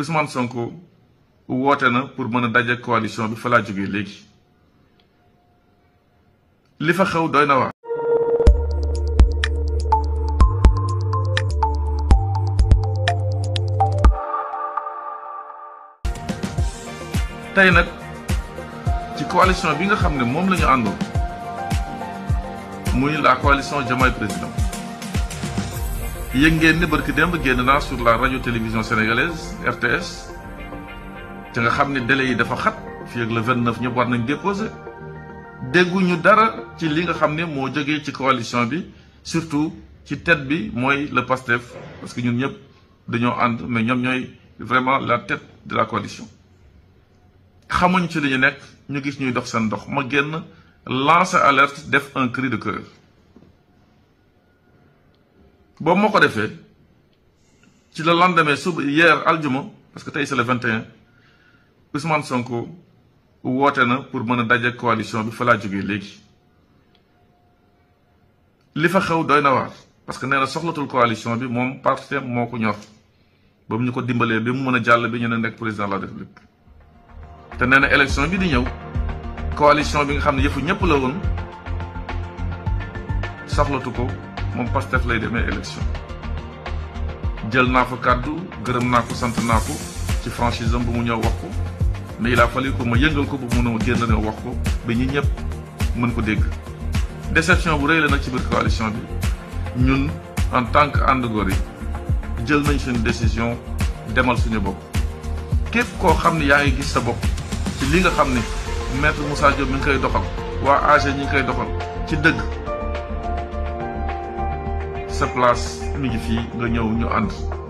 Ousmane Sonko woote na pour mën a daje coalition bi fa jógee léegi li fa xew doy na waar. nag ci bi nga xam ne moom la ñu àndoon yëg ngeen ni barki démb génn naa sur la radio télévision sénégalaise RTS te nga xam ne délai yi dafa xat fii ak le 29 ñëpp war nañ déposé dégguñu dara ci li nga xam ne moo jógee ci coalition bi surtout ci tête bi mooy le PASTEF parce que ñun ñëpp dañoo ànd mais ñoom ñooy vraiment la tête de la coalition. xamuñ ci li ñu nekk ñu gis ñuy dox seen ndox ma génn lancer alerte def un cri de cœur. boobu moo ko defee ci le lendemain suba hier aljuma parce que tey c'est le 21 Ousmane Sonko woote na pour mën a daje coalition bi fa laa jógee léegi li fa xew doy na waar parce que nee na soxlatul coalition bi moom parti moo ko ñor ba mu ñu ko dimbalee bi mu mën a jàll bi ñu ne nekk président de la république te nee na élection bi di ñëw coalition bi nga xam ne yëfu ñëpp la woon soxlatu ko moom Pastef lay demee élection jël naa fa kàddu gërëm naa ko sant naa ko ci franchise am mu ñëw wax ko mais il a fallu que ma yëngal ko ba mu mën a génn ne wax ko ba ñi ñëpp mën ko dégg déception bu rëy la nag ci biir coalition bi ñun en tant que ànd góor yi jël nañ seen décision demal suñu bopp képp koo xam ne yaa ngi gis sa bopp ci li nga xam ne maître Moussa Diop mi ngi koy doxal waa AG ñi ngi koy doxal ci dëgg sa place mi ngi fii nga ñëw ñu ànd